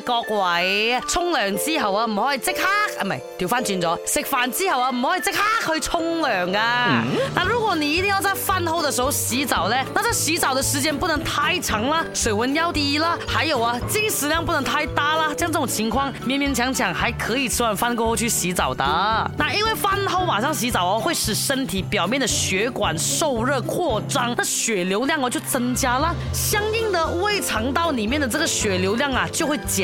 各位，沖涼之後啊，唔可以即刻啊，唔係調翻轉咗。食飯之後啊，唔可以即刻去沖涼噶。嗯、那如果你一定要在飯後的時候洗澡咧，那這洗澡的時間不能太長啦，水溫要低啦。還有啊，進食量不能太大啦。像這，這種情況，勉勉強強還可以吃完飯過後去洗澡的。嗯、那因為飯後馬上洗澡哦，會使身體表面的血管受熱擴張，那血流量哦就增加啦。相應的胃腸道裏面的這個血流量啊就會減。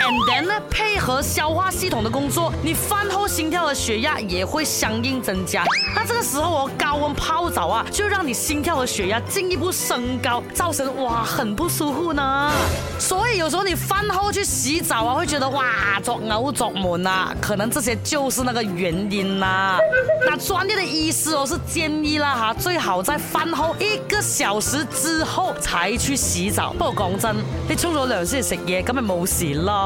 And then 呢，配合消化系統的工作，你飯後心跳和血壓也會相應增加。那這個時候我高溫泡澡啊，就讓你心跳和血壓進一步升高，造成哇很不舒服呢。所以有時候你飯後去洗澡啊，會覺得哇作嘔作悶啊，可能這些就是那個原因啦、啊。 那專業的醫師哦是建議啦哈，最好在飯後一個小時之後才去洗澡。不過講真，你沖咗涼先食嘢，根本冇事咯。